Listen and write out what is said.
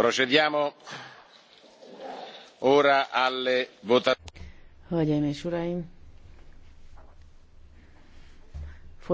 procediamo ora alle votazioni. hölgyeim és uraim!